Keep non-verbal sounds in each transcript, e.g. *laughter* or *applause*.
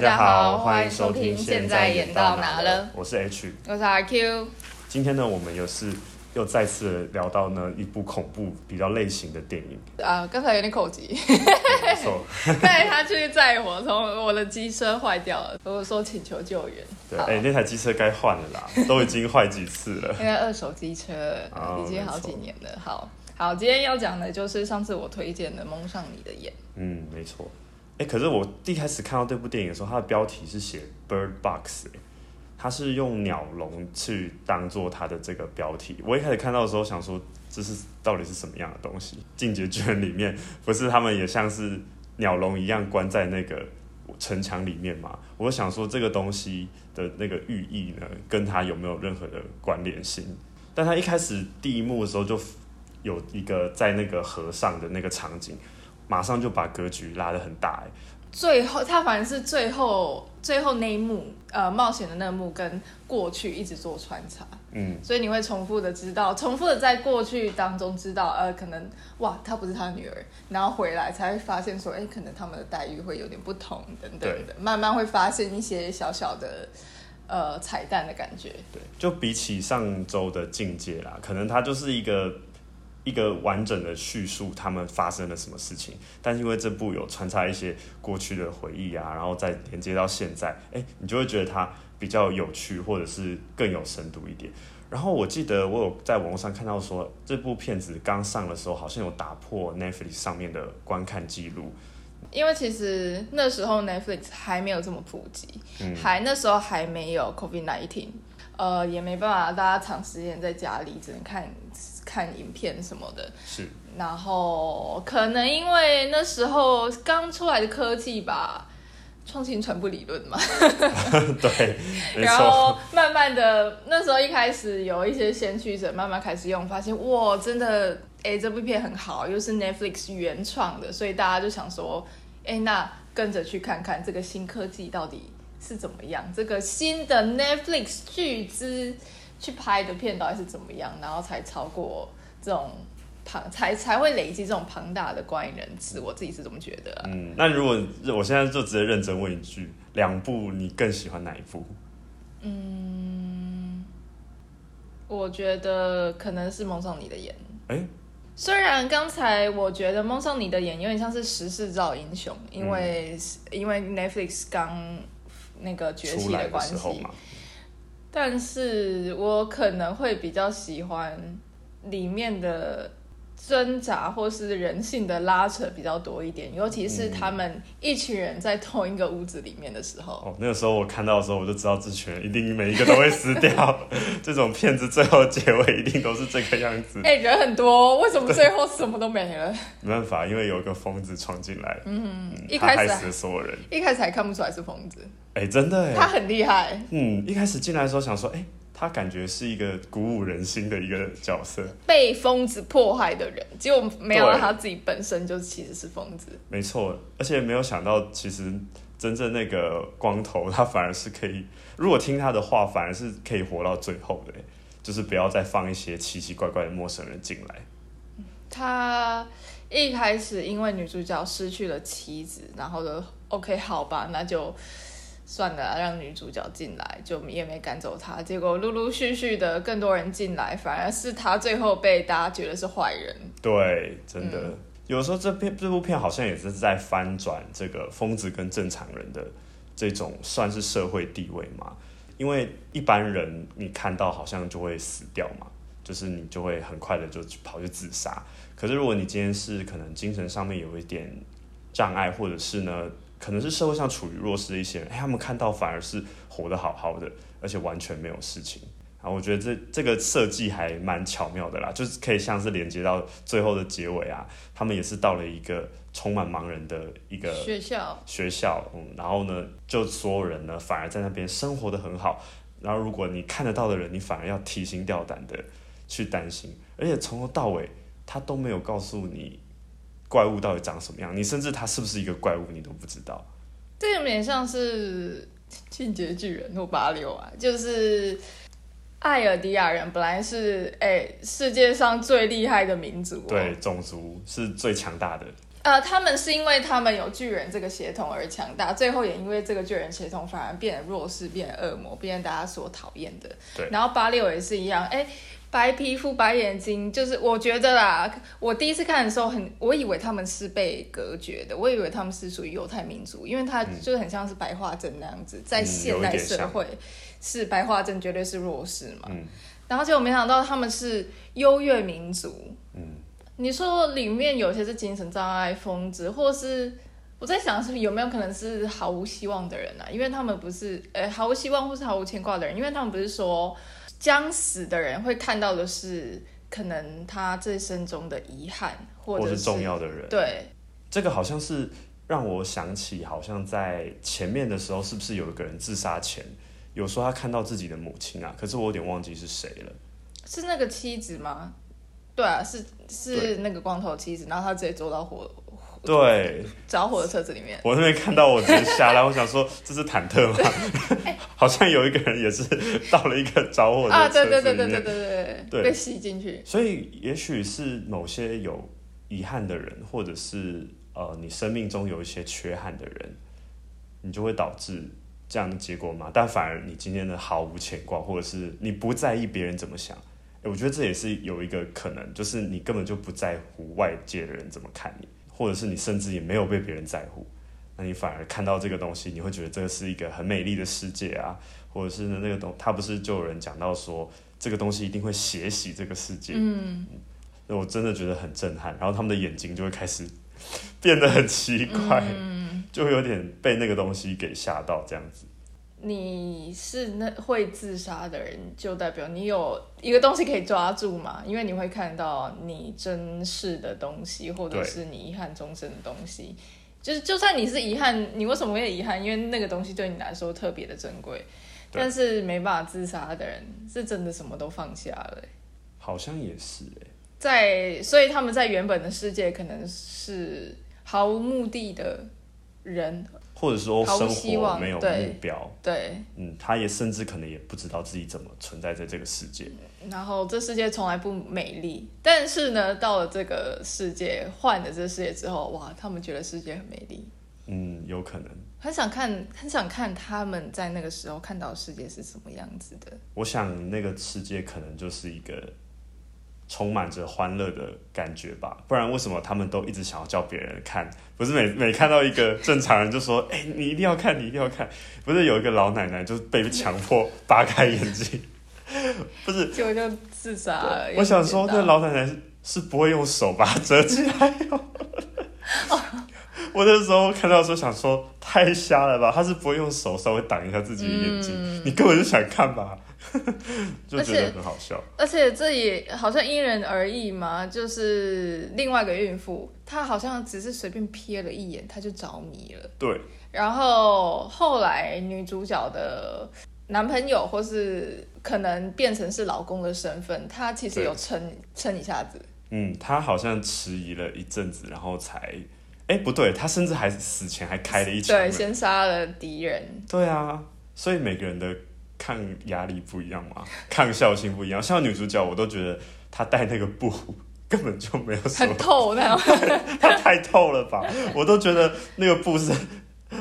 大家好，歡迎收聽《現在演到哪了》我。我是 H，我是 RQ。今天呢，我們又是又再次聊到呢一部恐怖比較類型的電影。啊，剛才有點口吃， *laughs* 沒錯，帶 *laughs* 他去載我，從我的機車壞掉了，我說請求救援。對，哎，那台機車該換了啦，都已經壞幾次了。因 *laughs* 為二手機車，已經好幾年了，哦。好，好，今天要講的就是上次我推薦的《蒙上你的眼》。嗯，沒錯。欸、可是我第一開始看到這部電影的時候，它的標題是寫《Bird Box》，欸，它是用鳥籠去當做它的這個標題。我一開始看到的時候，想說這是到底是什麼樣的東西？《進擊的巨人》裡面不是他們也像是鳥籠一樣關在那個城牆裡面嗎？我想說這個東西的那個寓意呢，跟它有沒有任何的關聯性？但它一開始第一幕的時候，就有一個在那個河上的那個場景。馬上就把格局拉得很大，欸、最後他反正是最後最後那一幕呃，冒險的那一幕跟過去一直做穿插，嗯，所以你會重複的知道，重複的在過去當中知道，呃，可能哇他不是他女兒，然後回來才會發現說，哎、欸，可能他們的待遇會有點不同等等的，慢慢會發現一些小小的呃，彩蛋的感覺。對，就比起上周的境界啦，可能他就是一個。一個完整的敘述，他們發生了什麼事情？但是因為這部有穿插一些過去的回憶啊，然後再連接到現在，哎、欸，你就會覺得它比較有趣，或者是更有深度一點。然後我記得我有在網絡上看到說，這部片子剛上的時候好像有打破 Netflix 上面的觀看記錄，因為其實那時候 Netflix 還沒有這麼普及、嗯，還那時候還沒有 COVID-19，呃，也沒辦法，大家長時間在家裡只能看。看影片什麼的，是，然後可能因為那時候剛出來的科技吧，創新傳播理論嘛， *laughs* 對，然後慢慢的， *laughs* 那時候一開始有一些先驅者慢慢開始用，發現哇，真的，哎，這部片很好，又是 Netflix 原創的，所以大家就想說，哎，那跟着去看看這個新科技到底是怎麼樣，這個新的 Netflix 巨資。去拍的片，到底是怎麼樣，然後才超過這種龐，才才會累積這種龐大的觀影人次。我自己是這麼覺得，啊。嗯，那如果我現在就直接認真問一句，兩部你更喜歡哪一部？嗯，我覺得可能是《蒙上你的眼》欸。雖然剛才我覺得《蒙上你的眼》有點像是時勢造英雄，因為、嗯、因為 Netflix 剛那個崛起的關係。但是我可能會比較喜歡裡面的，掙扎或是人性的拉扯比較多一點，尤其是他們一群人在同一個屋子裡面的時候。嗯、哦，那個時候我看到的時候，我就知道這群人一定每一個都會死掉。 *laughs* 這種片子最後結尾一定都是這個樣子。哎、欸，人很多，為什麼最後什麼都沒了？沒辦法，因為有一個瘋子闖進來，嗯，嗯嗯，他還死了，一開始所有人，一開始還看不出來是瘋子。哎、欸，真的，他很厲害。嗯，一開始進來的時候想說，哎、欸。他感覺是一個鼓舞人心的一個角色，被瘋子迫害的人，結果沒有他自己本身就其實是瘋子。沒錯，而且沒有想到，其實真正那個光頭他反而是可以，如果聽他的話，反而是可以活到最後的，就是不要再放一些奇奇怪怪的陌生人進來。他一開始因為女主角失去了妻子，然後就 OK，好吧，那就。算了、啊，讓女主角進來，就也沒趕走他。結果陸陸續續的更多人進來，反而是他最後被大家覺得是壞人。對，真的，嗯、有時候，這片這部片好像也是在翻轉這個瘋子跟正常人的這種算是社會地位嘛。因為一般人你看到好像就會死掉嘛，就是你就會很快的就跑去自殺。可是如果你今天是可能精神上面有一點障礙，或者是呢？可能是社會上處於弱勢的一些人，哎，他們看到反而是活得好好的，而且完全沒有事情。然後我覺得這這個設計還蠻巧妙的啦，就是可以像是連接到最後的結尾啊，他們也是到了一個充滿盲人的一個學校，學校，嗯，然後呢，就所有人呢反而在那邊生活得很好。然後如果你看得到的人，你反而要提心吊膽的去擔心，而且從頭到尾他都沒有告訴你。怪物到底長什麼樣？你甚至他是不是一個怪物，你都不知道。這有點像是《進擊的巨人》或八六啊，就是艾爾迪亞人本來是誒、欸，世界上最厲害的民族、哦，對，種族是最強大的。呃，他們是因為他們有巨人這個協同而強大，最後也因為這個巨人協同反而變得弱勢，變得惡魔，變得大家所討厭的。對，然後八六也是一樣，誒、欸。白皮膚、白眼睛，就是我覺得啦。我第一次看的時候很，很我以為他們是被隔絕的，我以為他們是屬於猶太民族，因為他就很像是白化症那樣子。嗯。在現代社會，是白化症絕對是弱勢嘛。然後就我沒想到他們是優越民族。嗯。你說裡面有些是精神障礙、瘋子，或是我在想是有沒有可能是毫無希望的人啊？因為他們不是呃、欸、毫無希望或是毫無牽掛的人，因為他們不是說。將死的人會看到的是，可能他這一生中的遺憾，或者是，或是重要的人。對，這個好像是讓我想起，好像在前面的時候，是不是有一個人自殺前，有說他看到自己的母親啊？可是我有點忘記是誰了，是那個妻子嗎？對啊，是是那個光頭妻子，然後他直接走到火。對，着火的車子裡面，我那邊看到我直接下來， *laughs* 我想說這是忐忑嗎？ *laughs* 好像有一個人也是到了一個着火的車子裡面啊，對對對對對對對，被吸進去。所以也許是某些有遺憾的人，或者是呃你生命中有一些缺憾的人，你就會導致這樣的結果嗎？但反而你今天的毫無牽掛，或者是你不在意別人怎麼想，哎，我覺得這也是有一個可能，就是你根本就不在乎外界的人怎麼看你。或者是你甚至也沒有被別人在乎，那你反而看到這個東西，你會覺得這是一個很美麗的世界啊。或者是呢，那個東，他不是就有人講到說這個東西一定會血洗這個世界。嗯，那我真的覺得很震撼。然後他們的眼睛就會開始變得很奇怪，嗯，就會有點被那個東西給嚇到這樣子。你是那會自殺的人，就代表你有一個東西可以抓住嘛，因為你會看到你珍視的東西，或者是你遺憾終身的東西。就是，就算你是遺憾，你為什麼會遺憾？因為那個東西對你來說特別的珍貴。但是沒辦法自殺的人，是真的什麼都放下了。好像也是誒，在所以他們在原本的世界，可能是毫無目的的人。或者說生活沒有目標，對，對，嗯，他也甚至可能也不知道自己怎麼存在在這個世界。然後這世界從來不美麗，但是呢，到了這個世界換了這世界之後，哇，他們覺得世界很美麗。嗯，有可能。很想看，很想看他們在那個時候看到的世界是什麼樣子的。我想那個世界可能就是一個。充滿着歡樂的感覺吧，不然為什麼他們都一直想要叫別人看？不是每每看到一個正常人就說、欸：“你一定要看，你一定要看。”不是有一個老奶奶就被強迫扒 *laughs* 開眼睛，不是就就自殺而已？我想說，那老奶奶是，是不會用手把它遮起來喲、哦。 *laughs* 我那時候看到的時候想說，太瞎了吧？她是不會用手稍微擋一下自己的眼睛、嗯，你根本就想看吧？ *laughs* 就覺得很好笑而，而且這也好像因人而異嘛。就是另外一個孕婦，她好像只是隨便瞥了一眼，她就着迷了。對，然後後來女主角的男朋友，或是可能變成是老公的身份，她其實有撐撐一下子。嗯，她好像遲疑了一陣子，然後才，哎、欸，不對，她甚至還死前還開了一槍，對，先殺了敵人。對啊，所以每個人的。抗壓力不一樣嘛，抗效性不一樣。像女主角，我都覺得她戴那個布根本就沒有什麼，太透那 *laughs* 她，她太透了吧？ *laughs* 我都覺得那個布是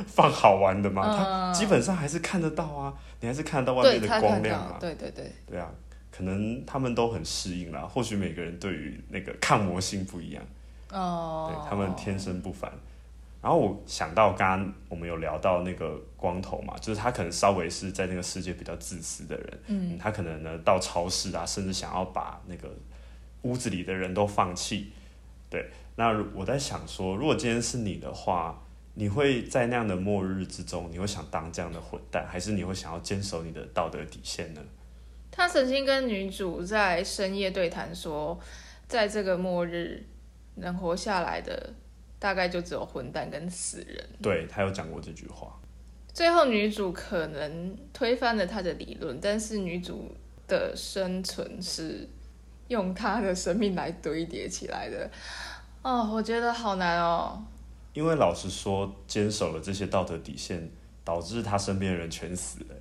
放好玩的嘛、嗯，她基本上還是看得到啊，你還是看得到外面的光亮啊。對，對對對。對啊，可能他們都很適應啦。或許每個人對於那個抗磨性不一樣哦，對他們天生不凡。然後我想到，剛剛我們有聊到那個光頭嘛，就是他可能稍微是在那個世界比較自私的人，嗯，嗯，他可能呢到超市啊，甚至想要把那個屋子裡的人都放棄。對，那我在想說，如果今天是你的話，你會在那樣的末日之中，你會想當這樣的混蛋，還是你會想要堅守你的道德底線呢？他曾經跟女主在深夜對談說，在這個末日能活下來的。大概就只有混蛋跟死人。對，他有講過這句話。最後女主可能推翻了她的理論，但是女主的生存是用她的生命來堆疊起來的。哦，我覺得好難哦。因為老實說，堅守了這些道德底線，導致她身邊的人全死了。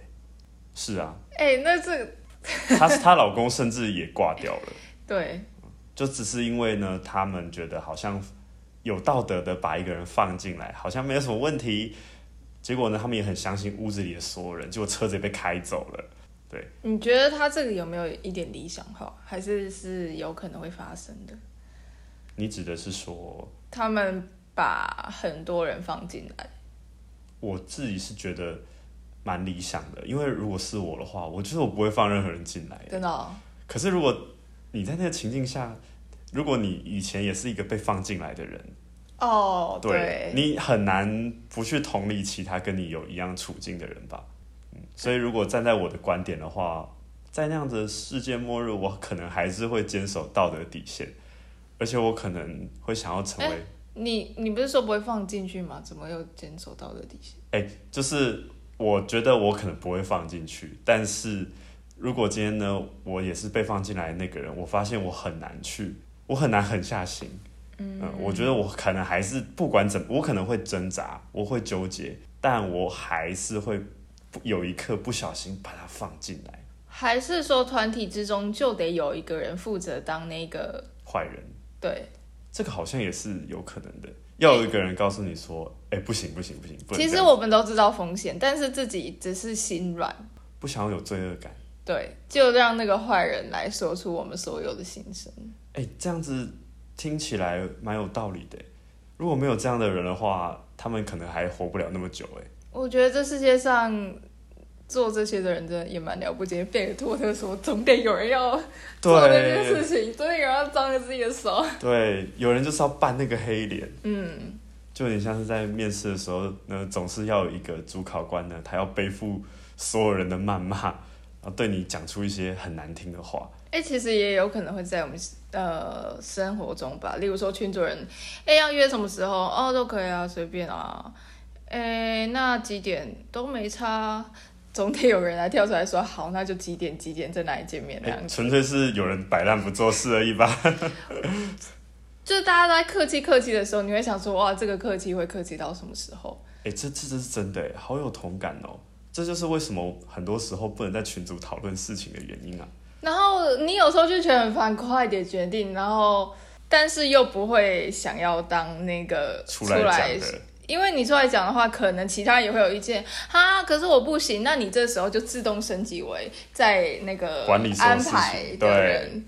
是啊。哎、欸，那這，她 *laughs* 她，她老公甚至也掛掉了。對。就只是因為呢，他們覺得好像。有道德的把一個人放進來，好像沒有什麼問題。結果呢，他們也很相信屋子裡的所有人，結果車子也被開走了。對，你覺得他這裡有沒有一點理想化，還是是有可能會發生的？你指的是說，他們把很多人放進來？我自己是覺得蠻理想的，因為如果是我的話，我就是我不會放任何人進來。真的哦？可是如果你在那個情境下，如果你以前也是一個被放進來的人。哦、oh，對。你很難不去同理其他跟你有一樣處境的人吧？嗯，所以如果站在我的觀點的話，在那樣子世界末日，我可能還是會堅守道德底線，而且我可能會想要成為你。你不是說不會放進去嗎？怎麼又堅守道德底線？哎，就是我覺得我可能不會放進去，但是如果今天呢，我也是被放進來的那個人，我發現我很難去，我很難狠下心。嗯，我覺得我可能還是不管怎，我可能會掙扎，我會糾結，但我還是會有一刻不小心把它放進來。還是說團體之中就得有一個人負責當那個壞人？對，這個好像也是有可能的，要有一個人告訴你說：“哎、欸欸，不行，不行，不行！”不，其實我們都知道風險，但是自己只是心軟，不想要有罪惡感。對，就讓那個壞人來說出我們所有的心聲。哎、欸，這樣子。聽起來蠻有道理的，如果沒有這樣的人的話，他們可能還活不了那麼久誒。我覺得這世界上做這些的人，真的也蠻了不起的。貝爾托特說，總得有人要做那件事情，總得有人要髒了自己的手。對，有人就是要扮那個黑臉，嗯，就有點像是在面試的時候呢，那總是要有一個主考官呢，他要背負所有人的謾罵。啊，對你講出一些很難聽的話。哎、欸，其實也有可能會在我們呃生活中吧，例如說群組人，哎、欸，要約什麼時候？哦，都可以啊，隨便啊。哎、欸，那幾點都沒差，啊，總得有人來跳出來說好，那就幾點幾點在哪裡見面？那樣子，欸、純粹是有人擺爛不做事而已吧。 *laughs* 就大家都在客氣客氣的時候，你會想說，哇，這個客氣會客氣到什麼時候？哎、欸，這這這是真的，好有同感哦。這就是為什麼很多時候不能在群組討論事情的原因啊。然後你有時候就覺得很煩，快點決定。然後，但是又不會想要當那個出來，出來的人。因為你出來講的話，可能其他也會有意見。哈，可是我不行。那你這時候就自動升級為在那個管理安排的人。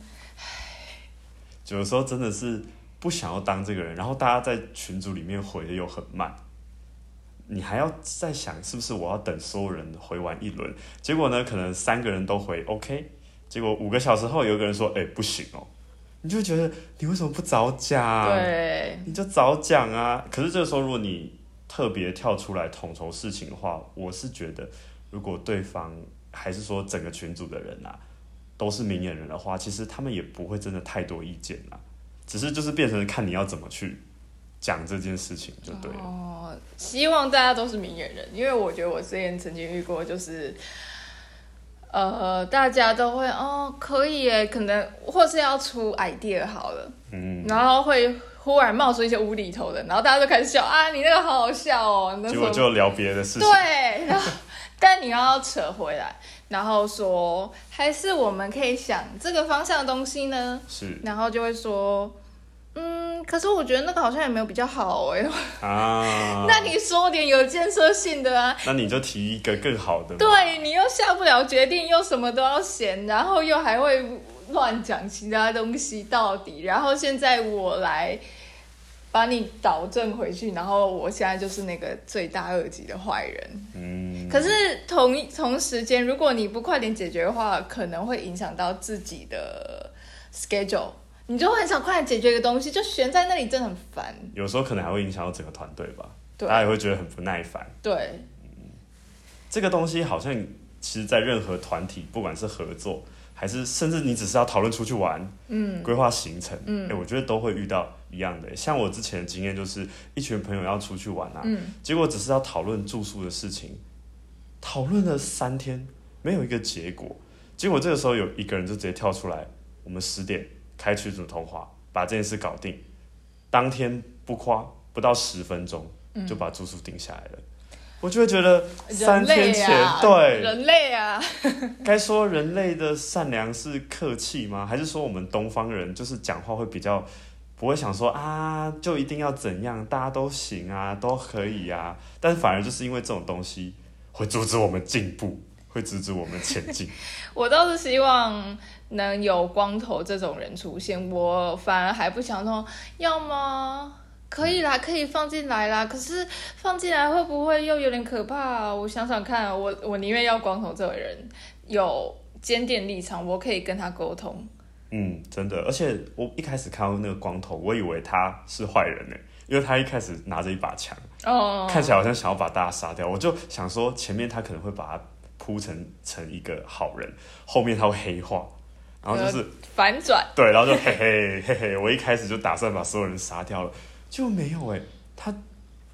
有時候真的是不想要當這個人，然後大家在群組裡面回的又很慢。你還要再想是不是我要等所有人回完一輪？結果呢，可能三個人都回 OK，結果五個小時後有個人說：“哎，不行哦。”你就覺得你為什麼不早講？對，你就早講啊！可是這個時候，如果你特別跳出來統籌事情的話，我是覺得，如果對方還是說整個群組的人啊都是明眼人的話，其實他們也不會真的太多意見啦，只是就是變成看你要怎麼去。講這件事情就對了。哦，希望大家都是明眼人，因為我覺得我之前曾經遇過，就是，呃，大家都會哦，可以誒，可能或是要出 idea 好了，嗯，然後會忽然冒出一些無厘頭的，然後大家就開始笑啊，你那個好好笑哦。結果就聊別的事情，對。然後，但你要扯回來， *laughs* 然後說還是我們可以想這個方向的東西呢，是。然後就會說，嗯。可是我覺得那個好像也沒有比較好哎、欸。啊， *laughs* 那你說點有建設性的啊？那你就提一個更好的嘛。對，你又下不了決定，又什麼都要嫌，然後又還會亂講其他東西到底。然後現在我來把你導正回去，然後我現在就是那個罪大惡極的壞人。嗯。可是同一同時間，如果你不快點解決的話，可能會影響到自己的 schedule。你就很想快解決一個東西，就懸在那裡，真的很煩。有時候可能還會影響到整個團隊吧？對，大家也會覺得很不耐煩。對、嗯，這個東西好像其實，在任何團體，不管是合作，還是甚至你只是要討論出去玩，嗯，規劃行程，嗯、欸，我覺得都會遇到一樣的、欸。像我之前的經驗，就是一群朋友要出去玩啊，嗯、結果只是要討論住宿的事情，討論了三天沒有一個結果，結果這個時候有一個人就直接跳出來，我們十點。開群組通話，把這件事搞定，當天不誇，不到十分鐘、嗯、就把住宿定下來了，我就會覺得，三天前對人類啊，該、啊、 *laughs* 說人類的善良是客氣嗎？還是說我們東方人就是講話會比較不會想說啊，就一定要怎樣，大家都行啊，都可以啊，但是反而就是因為這種東西會阻止我們進步，會阻止我們前進。 *laughs* 我倒是希望。能有光頭這種人出現，我反而還不想說，要嗎可以啦，可以放進來啦。可是放進來會不會又有點可怕啊？我想想看，我我寧願要光頭這個人有堅定立場，我可以跟他溝通。嗯，真的。而且我一開始看到那個光頭，我以為他是壞人呢，因為他一開始拿着一把槍，哦、oh.，看起來好像想要把大家殺掉。我就想說，前面他可能會把他鋪成成一個好人，後面他會黑化。然後就是反轉，對，然後就嘿嘿嘿嘿，我一開始就打算把所有人殺掉了，就沒有哎、欸，他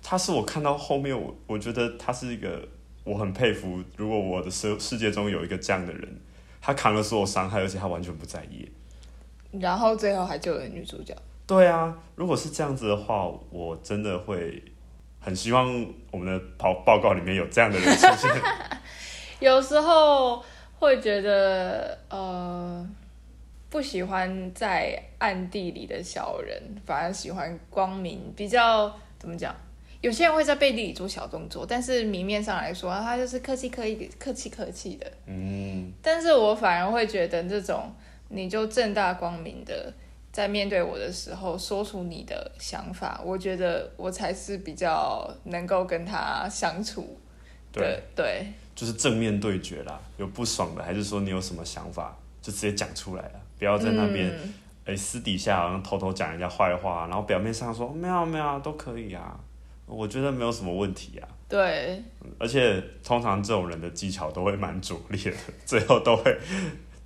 他是我看到後面，我我覺得他是一個我很佩服，如果我的世世界中有一個這樣的人，他扛了所有傷害，而且他完全不在意，然後最後還救了女主角。對啊，如果是這樣子的話，我真的會很希望我們的報報告裡面有這樣的人出現。 *laughs* 有時候。會覺得呃不喜歡在暗地裡的小人，反而喜歡光明。比較怎麼講？有些人會在背地裡做小動作，但是明面上來說，他就是客氣客氣、客氣客氣的。嗯。但是我反而會覺得這種，你就正大光明的在面對我的時候，說出你的想法，我覺得我才是比較能夠跟他相處的。對。對。就是正面對決啦，有不爽的，還是說你有什麼想法，就直接講出來了，啊，不要在那邊，哎、嗯欸，私底下好像偷偷講人家壞話，然後表面上說沒有沒有都可以啊，我覺得沒有什麼問題啊。對，而且通常這種人的技巧都會蠻拙劣的，最後都會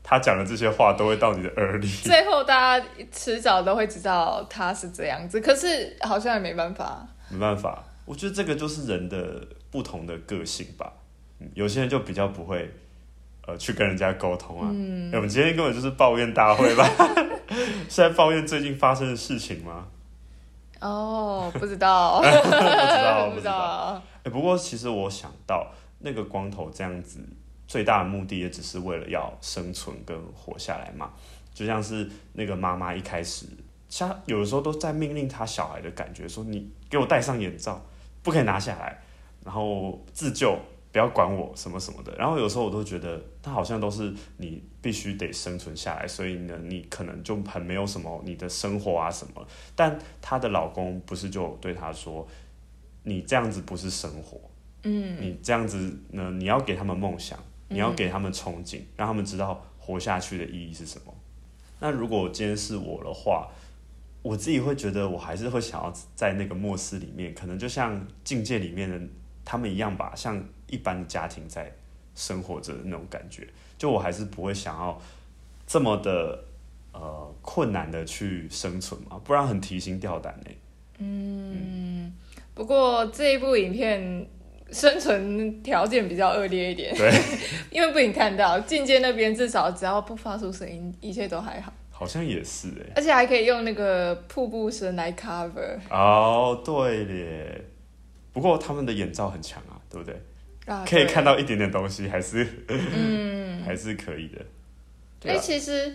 他講的這些話都會到你的耳裡，最後大家遲早都會知道他是這樣子，可是好像也沒辦法，沒辦法，我覺得這個就是人的不同的個性吧。有些人就比較不會，呃，去跟人家溝通啊。嗯，欸，我們今天根本就是抱怨大會吧？是 *laughs* 在抱怨最近發生的事情嗎？哦，不知道， *laughs* 我知道了，不知道，不知道。欸，不過其實我想到，那個光頭這樣子，最大的目的也只是為了要生存跟活下來嘛。就像是那個媽媽一開始，像有的時候都在命令她小孩的感覺，說：“你給我戴上眼罩，不可以拿下來。”然後自救。不要管我什麼什麼的，然後有時候我都覺得他好像都是你必須得生存下來，所以呢，你可能就很沒有什麼你的生活啊什麼。但她的老公不是就對她說，你這樣子不是生活，嗯，你這樣子呢，你要給他們夢想，你要給他們憧憬，讓他們知道活下去的意義是什麼。那如果今天是我的話，我自己會覺得我還是會想要在那個末世裡面，可能就像境界裡面的他們一樣吧，像。一般的家庭在生活着那種感覺，就我還是不會想要這麼的呃困難的去生存嘛，不然很提心吊膽嘞、嗯。嗯，不過這一部影片生存條件比較惡劣一點，對，因為不僅看到噤界那邊至少只要不發出聲音，一切都還好，好像也是誒，而且還可以用那個瀑布聲來 cover。哦、oh，對咧，不過他們的眼罩很強啊，對不對？啊、可以看到一點點東西，還是、嗯、還是可以的。哎、欸，其實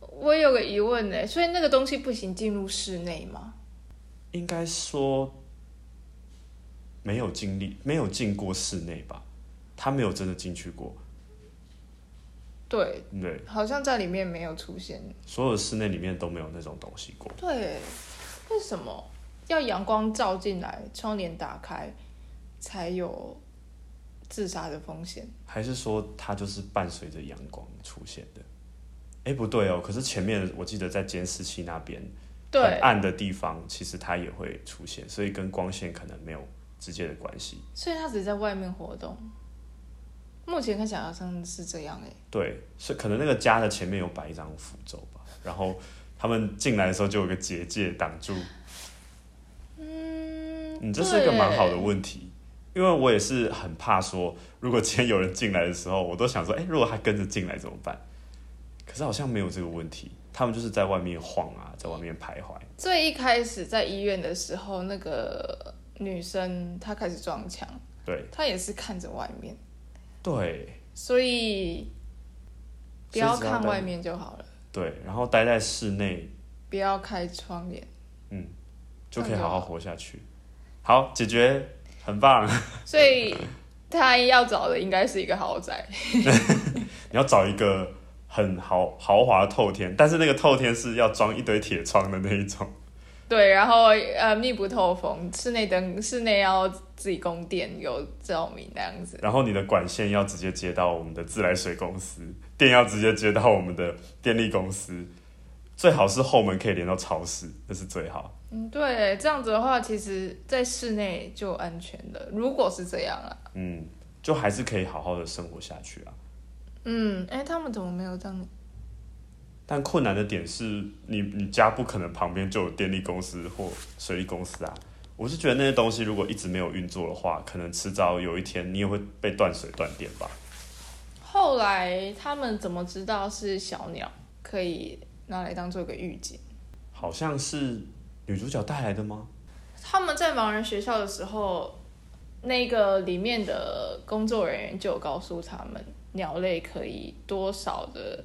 我有個疑問呢，所以那個東西不行進入室內嗎？應該說沒有經歷，沒有進過室內吧？他沒有真的進去過。對對，好像在裡面沒有出現。所有室內裡面都沒有那種東西過。對，為什麼要陽光照進來，窗簾打開才有？自殺的風險，還是說它就是伴隨着陽光出現的？哎、欸，不對哦、喔。可是前面我記得在監視器那邊，對，暗的地方，其實它也會出現，所以跟光線可能沒有直接的關係。所以它只在外面活動。目前看起來像是這樣哎、欸。對，是可能那個家的前面有擺一張符咒吧，然後他們進來的時候就有個結界擋住。嗯，你這是一個蠻好的問題。因為我也是很怕說，如果今天有人進來的時候，我都想說，欸，如果他跟着進來怎麼辦？可是好像沒有這個問題，他們就是在外面晃啊，在外面徘徊。最一開始在醫院的時候，那個女生她開始撞牆，對，她也是看着外面，對，所以不要看外面就好了。對，然後待在室內，不要開窗簾，嗯，就可以好好活下去。好，好，解決。很棒，所以他要找的應該是一個豪宅。 *laughs* *laughs* 你要找一個很豪豪華透天，但是那個透天是要裝一堆鐵窗的那一種。對，然後呃，密不透風，室內燈，室內要自己供電有照明那樣子。然後你的管線要直接接到我們的自來水公司，電要直接接到我們的電力公司。最好是後門可以連到超市，那是最好。嗯，對，這樣子的話，其實在室內就安全的。如果是這樣啊，嗯，就還是可以好好的生活下去啊。嗯，哎、欸，他們怎麼沒有這樣？但困難的點是你，你家不可能旁邊就有電力公司或水利公司啊。我是覺得那些東西如果一直沒有運作的話，可能遲早有一天你也會被斷水斷電吧。後來他們怎麼知道是小鳥可以？拿來當做個預警，好像是女主角帶來的嗎？他們在盲人學校的時候，那個裡面的工作人員就告訴他們，鳥類可以多少的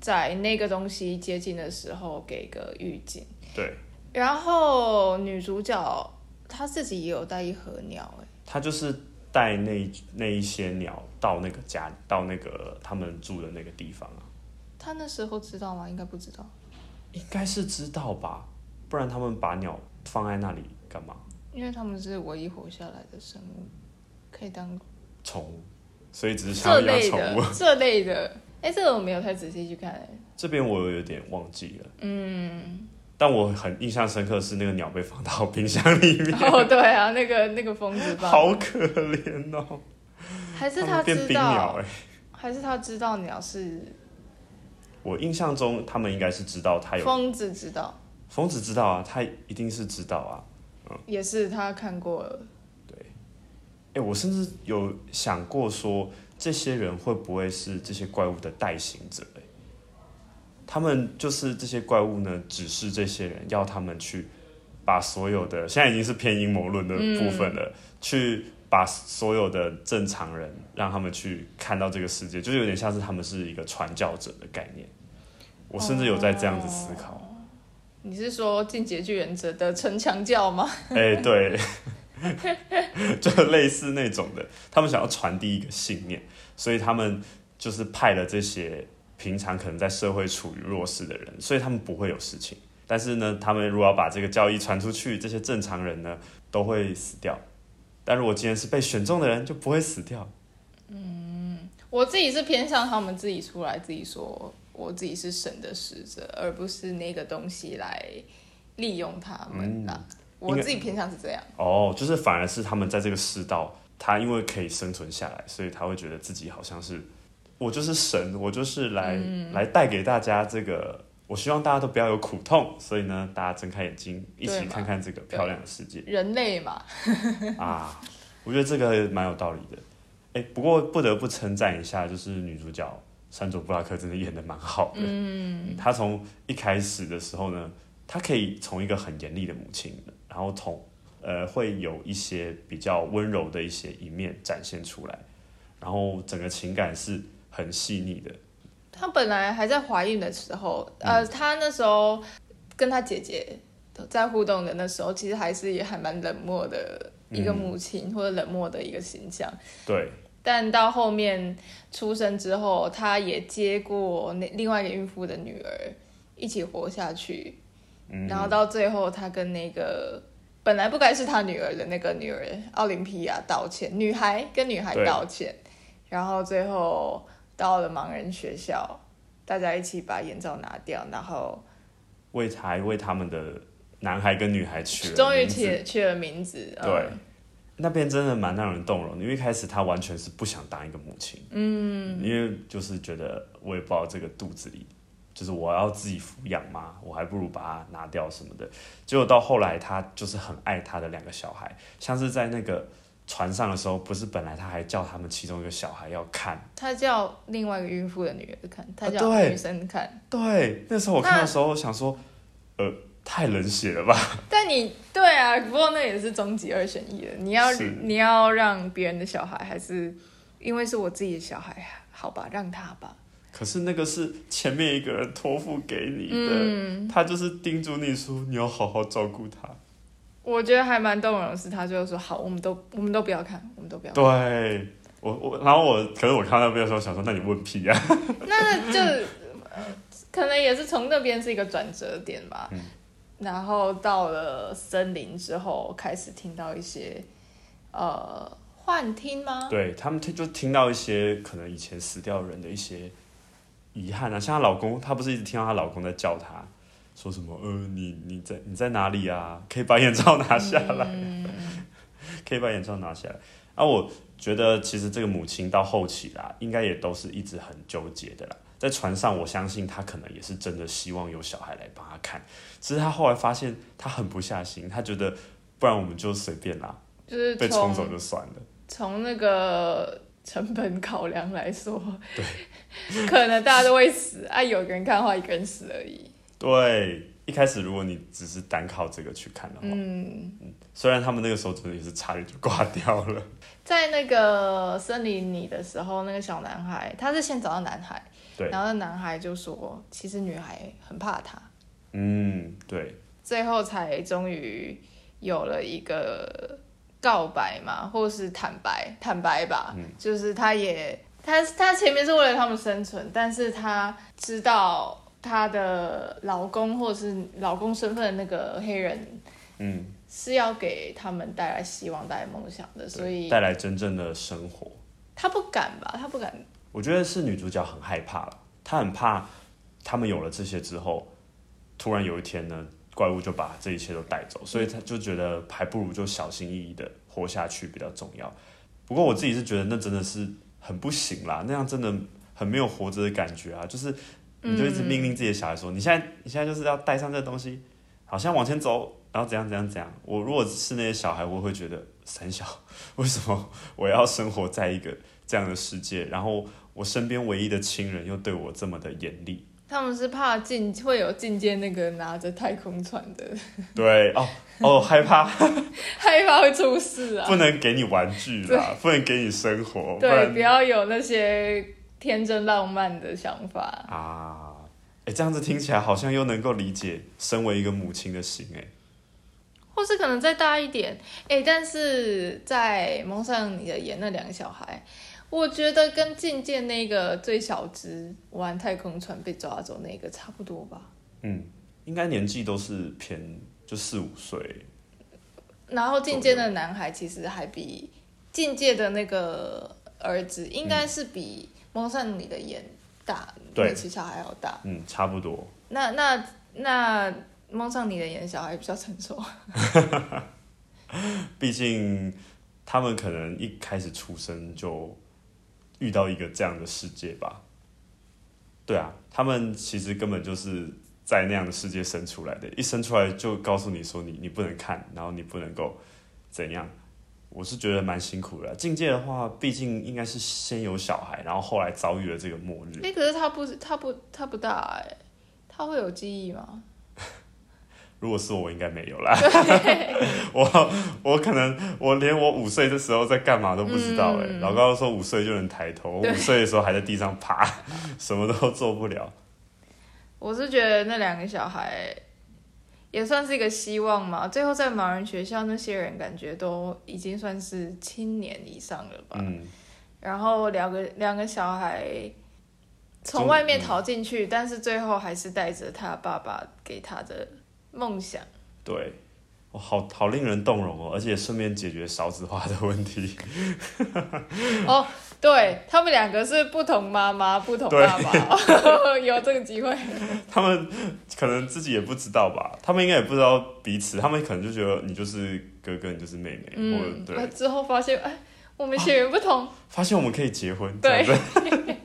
在那個東西接近的時候給個預警。對，然後女主角她自己也有帶一盒鳥、欸，哎，她就是帶那那一些鳥到那個家，到那個他們住的那個地方啊。他那時候知道嗎？應該不知道。應該是知道吧， *laughs* 不然他們把鳥放在那裡幹嘛？因為他們是唯一活下來的生物，可以當寵物，所以只是想要寵物這類的。哎、欸，這個我沒有太仔細去看，欸。這邊我有點忘記了。嗯，但我很印象深刻是那個鳥被放到冰箱裡面。哦，對啊，那個那個瘋子吧，好可憐哦。還是他知道他，欸？還是他知道鳥是？我印象中，他們應該是知道，他有瘋子知道，瘋子知道啊，他一定是知道啊，嗯，也是他看過了，對，哎、欸，我甚至有想過說，這些人會不會是這些怪物的代行者、欸？他們就是這些怪物呢，只是這些人要他們去把所有的，現在已經是偏陰謀論的部分了、嗯，去把所有的正常人讓他們去看到這個世界，就是有點像是他們是一個傳教者的概念。我甚至有在這樣子思考，哦、你是說“進擊巨人原則”的城牆教嗎？誒、 *laughs* 欸，對， *laughs* 就類似那種的，他們想要傳遞一個信念，所以他們就是派了這些平常可能在社會處於弱勢的人，所以他們不會有事情。但是呢，他們如果要把這個教義傳出去，這些正常人呢都會死掉。但如果今天是被選中的人，就不會死掉。嗯，我自己是偏向他們自己出來自己說。我自己是神的使者，而不是那個東西來利用他們。那、嗯、我自己偏向是這樣。哦，就是反而是他們在這個世道，他因為可以生存下來，所以他會覺得自己好像是，我就是神，我就是來來帶給大家這個、嗯，我希望大家都不要有苦痛，所以呢，大家睜開眼睛一起看看這個漂亮的世界。人類嘛， *laughs* 啊，我覺得這個蠻有道理的。哎、欸，不過不得不稱讚一下，就是女主角。珊卓布拉克真的演的蠻好的，嗯，他從一開始的時候呢，他可以從一個很嚴厲的母親，然後從呃會有一些比較溫柔的一些一面展現出來，然後整個情感是很細膩的。他本來還在懷孕的時候，呃，他那時候跟他姐姐在互動的那時候，其實還是也還蠻冷漠的一個母親，嗯，或者冷漠的一個形象。對。但到後面出生之後，他也接過那另外一個孕婦的女兒，一起活下去。嗯、然後到最後，他跟那個本來不該是他女兒的那個女兒奧林匹亞道歉，女孩跟女孩道歉。然後最後到了盲人學校，大家一起把眼罩拿掉，然後為才為他們的男孩跟女孩取，終於取取了名字。嗯、對。那邊真的蠻讓人動容的，因為一開始她完全是不想當一個母親，嗯，因為就是覺得我也不知道這個肚子裡，就是我要自己撫養嘛，我還不如把它拿掉什麼的。結果到後來，她就是很愛她的兩個小孩，像是在那個船上的時候，不是本來她還叫他們其中一個小孩要看，她叫另外一個孕婦的女兒看，她叫、呃、對女生看，對，那時候我看的時候，啊、我想說，呃。太冷血了吧！但你對啊，不過那也是終極二選一的。你要你要讓別人的小孩，還是因為是我自己的小孩，好吧，讓他吧。可是那個是前面一個人托付給你的，嗯、他就是叮囑你說，你要好好照顧他。我覺得還蠻動容，是他最後說好，我們都我們都不要看，我們都不要看。對我我，然後我可能我看到那邊的時候，想說那你問屁啊。那就 *laughs* 可能也是從那邊是一個轉折點吧。嗯然後到了森林之後，開始聽到一些，呃，幻聽嗎？對，他們聽就聽到一些可能以前死掉的人的一些遺憾啊，像她老公，她不是一直聽到她老公在叫她，說什麼？呃，你你在你在哪裡啊？可以把眼罩拿下來，嗯、 *laughs* 可以把眼罩拿下來。啊，我覺得其實這個母親到後期啦，應該也都是一直很糾結的啦。在船上，我相信他可能也是真的希望有小孩來幫他看。只是他後來發現他狠不下心，他覺得不然我們就隨便啦、啊，就是被沖走就算了。從那個成本考量來說，對，可能大家都會死，哎、 *laughs* 啊，有一個人看的話，一個人死而已。對，一開始如果你只是單靠這個去看的話，嗯，雖然他們那個時候真的也是差點就掛掉了。在那個森林裡的時候，那個小男孩，他是先找到男孩，對，然後那男孩就說：“其實女孩很怕他。”嗯，對。最後才終於有了一個告白嘛，或是坦白，坦白吧。嗯，就是他也他他前面是為了他們生存，但是他知道他的老公或者是老公身份那個黑人，嗯。是要給他們帶來希望、帶來夢想的，所以帶來真正的生活。他不敢吧？他不敢。我覺得是女主角很害怕，她很怕他們有了這些之後，突然有一天呢，怪物就把這一切都帶走，所以她就覺得還不如就小心翼翼的活下去比較重要。不過我自己是覺得那真的是很不行啦，那樣真的很沒有活着的感覺啊，就是你就一直命令自己的小孩說，嗯，你現在你現在就是要帶上這東西，好像往前走。然後怎樣怎樣怎樣？我如果是那些小孩，我會覺得很小。為什麼我要生活在一個這樣的世界？然後我身邊唯一的親人又對我這麼的嚴厲？他們是怕進會有進階那個拿着太空船的？對哦哦，害怕 *laughs* *laughs* 害怕會出事啊！不能給你玩具啦，不能給你生活對，對，不要有那些天真浪漫的想法啊！哎，這樣子聽起來好像又能夠理解身為一個母親的心哎、欸。或是可能再大一點，欸、但是在蒙上你的眼那兩個小孩，我覺得跟噤界那個最小隻玩太空船被抓走那個差不多吧。嗯，應該年紀都是偏就四五歲。然後噤界的男孩其實還比噤界的那個兒子，應該是比蒙上你的眼大，對其實還要大。嗯，差不多。那那那。那蒙上你的眼，小孩比較成熟。畢 *laughs* *laughs* 竟，他們可能一開始出生就遇到一個這樣的世界吧。對啊，他們其實根本就是在那樣的世界生出來的，一生出來就告訴你說，你你不能看，然後你不能夠怎樣。我是覺得蠻辛苦的。境界，的話，畢竟應該是先有小孩，然後後來遭遇了這個末日。哎，欸，可是他不，他不，他不大哎，欸，他會有記憶嗎？如果是我，我應該沒有啦。 *laughs* 我我可能我連我五歲的時候在幹嘛都不知道哎、欸嗯。老高說五歲就能抬頭，我五歲的時候還在地上爬，什麼都做不了。我是覺得那兩個小孩也算是一個希望嘛。最後在盲人學校那些人感覺都已經算是青年以上了吧。嗯、然後兩個兩個小孩從外面逃進去、嗯，但是最後還是帶着他爸爸給他的。夢想，對，我、哦、好好令人動容哦，而且順便解決少子化的問題。 *laughs* 哦，對，他們兩個是不同媽媽，不同爸爸，對哦、有這個機會。 *laughs* 他們可能自己也不知道吧，他們應該也不知道彼此，他們可能就覺得你就是哥哥，你就是妹妹，嗯、或者對。之後發現，哎、欸，我們血緣不同、啊，發現我們可以結婚，對。 *laughs*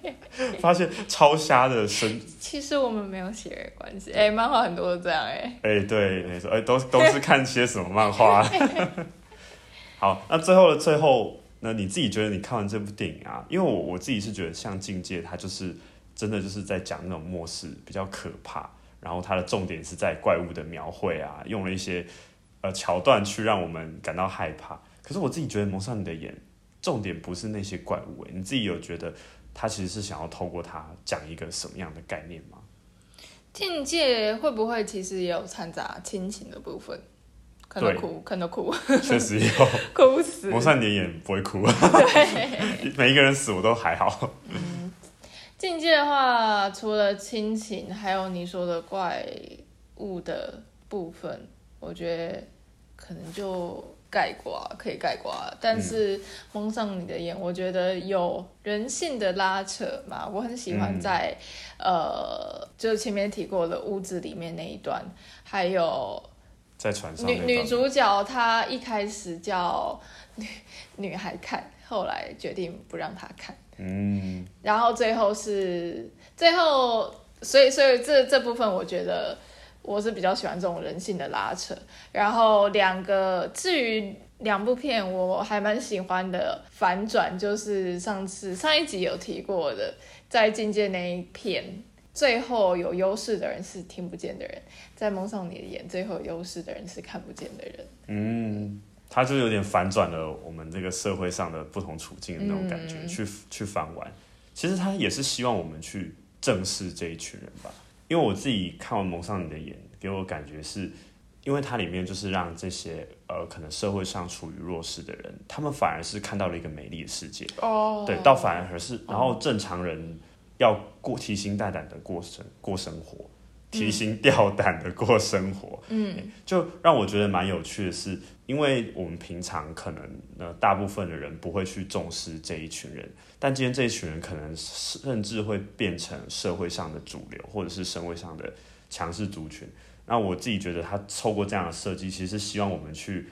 發現超瞎的身，其實我們沒有血緣關係，哎、欸，漫畫很多都這樣、欸，哎、欸，對，沒錯欸、都是都是看些什麼漫畫？ *laughs* *laughs* 好，那最後的最後，那你自己覺得你看完這部電影啊？因為我我自己是覺得像《噤界》，它就是真的就是在講那種末世比較可怕，然後它的重點是在怪物的描繪啊，用了一些呃橋段去讓我們感到害怕。可是我自己覺得蒙上你的眼，重點不是那些怪物、欸，哎，你自己有覺得？他其實是想要透過他講一個什麼樣的概念嗎？境界會不會其實也有摻雜親情的部分？可能哭，可能哭，確實有哭死。蒙上眼也不會哭啊。對， *laughs* 每一個人死我都還好。嗯，境界的話，除了親情，還有你說的怪物的部分，我覺得可能就。蓋過可以蓋過，但是蒙上你的眼、嗯，我覺得有人性的拉扯嘛。我很喜歡在，嗯、呃，就前面提過的屋子裡面那一段，還有在船上女女主角，她一開始叫女女孩看，後來決定不讓她看，嗯，然後最後是最後，所以所以這這部分我覺得。我是比較喜歡這種人性的拉扯，然後兩個，至於兩部片我還蠻喜歡的反轉，就是上次，上一集有提過的，在噤界那一片，最後有優勢的人是聽不見的人，在蒙上你的眼，最後有優勢的人是看不見的人。嗯，他就有點反轉了我們這個社會上的不同處境的那種感覺，嗯、去去翻玩，其實他也是希望我們去正視這一群人吧。因為我自己看完《蒙上你的眼》，給我感覺是，因為它裡面就是讓這些呃，可能社會上處於弱勢的人，他們反而是看到了一個美麗的世界哦，oh. 對，倒反而是，然後正常人要過提心大膽的過生過生活，提心吊膽的過生活，嗯，欸、就讓我覺得蠻有趣的是。因為我們平常可能呢、呃，大部分的人不會去重視這一群人，但今天這一群人可能甚至會變成社會上的主流，或者是社會上的強勢族群。那我自己覺得他透過這樣的設計，其實是希望我們去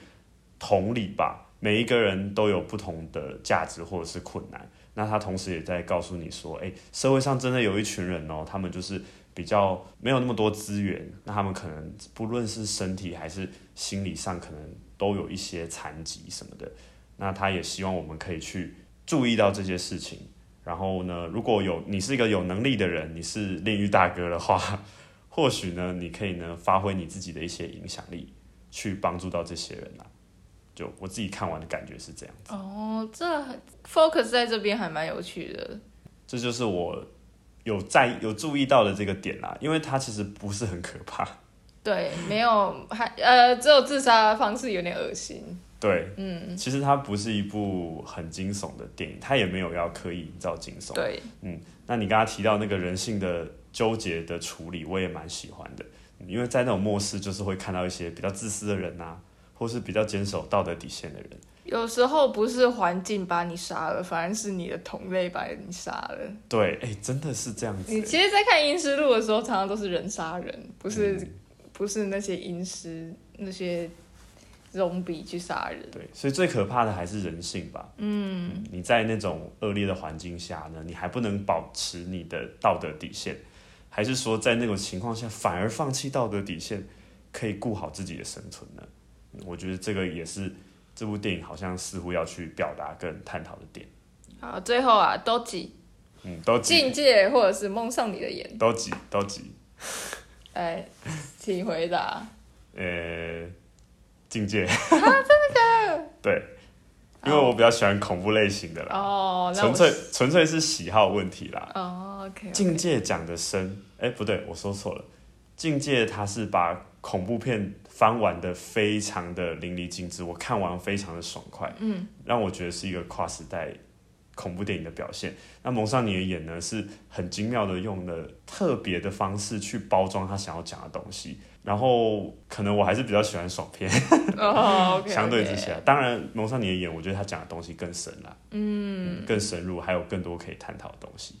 同理吧，每一個人都有不同的價值或者是困難。那他同時也在告訴你說，哎，社會上真的有一群人哦，他們就是比較沒有那麼多資源，那他們可能不論是身體還是心理上，可能。都有一些殘疾什麼的，那他也希望我們可以去注意到這些事情。然後呢，如果有你是一個有能力的人，你是煉獄大哥的話，或許呢，你可以呢發揮你自己的一些影響力，去幫助到這些人。就我自己看完的感覺是這樣子。哦，這 focus 在這邊還蠻有趣的。這就是我有在有注意到的這個點啦，因為它其實不是很可怕。對，沒有，還呃，只有自殺的方式有點噁心。對，嗯，其實它不是一部很驚悚的電影，它也沒有要刻意營造驚悚。對，嗯，那你剛剛提到那個人性的糾結的處理，我也蠻喜歡的，因為在那種末世，就是會看到一些比較自私的人吶、啊，或是比較堅守道德底線的人。有時候不是環境把你殺了，反而是你的同類把你殺了。對，哎、欸，真的是這樣子、欸。你其實，在看《陰屍路》的時候，常常都是人殺人，不是、嗯。不是那些陰屍，那些 zombie 去殺人。對，所以最可怕的還是人性吧。嗯。嗯，你在那種惡劣的環境下呢，你還不能保持你的道德底線，還是說在那種情況下反而放棄道德底線，可以顧好自己的生存呢？嗯、我覺得這個也是這部電影好像似乎要去表達跟探討的點。好，最後啊，都吉。嗯，都吉。境界或者是蒙上你的眼。都吉，都吉。 *laughs* 哎、欸，請回答。呃、欸，噤界。真的假的？對，因為我比較喜歡恐怖類型的啦。哦、oh,。純粹純粹是喜好問題啦。哦、oh,，OK。噤界講得深，哎、欸，不對，我說錯了。噤界它是把恐怖片翻完的非常的淋漓盡致，我看完非常的爽快。嗯。讓我覺得是一個跨時代。恐怖電影的表現，那蒙上你的眼呢，是很精妙的，用的特別的方式去包裝他想要講的東西。然後，可能我還是比較喜歡爽片，oh, okay, okay. 相對之下，當然，蒙上你的眼，我覺得他講的東西更深了，嗯、mm.，更深入，還有更多可以探討的東西。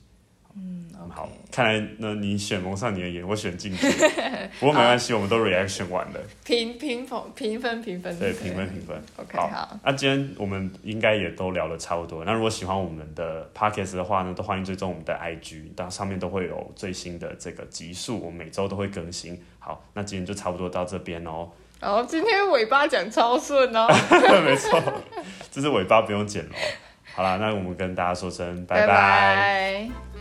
嗯，好，okay. 看來呢，你選蒙上你的眼，我選進去。 *laughs* 不過沒關係， *laughs* 我們都 reaction 完了。評評分，評分，評分，對，評分，評分。OK，好，那、啊、今天我們應該也都聊了差不多。那如果喜歡我們的 podcast 的話呢，都歡迎追蹤我們的 IG，但上面都會有最新的這個集數，我們每周都會更新。好，那今天就差不多到這邊哦。哦，今天尾巴講超順哦。 *laughs* *laughs* 沒錯，這是尾巴不用剪嘍。好啦，那我們跟大家說聲 *laughs* 拜拜。拜拜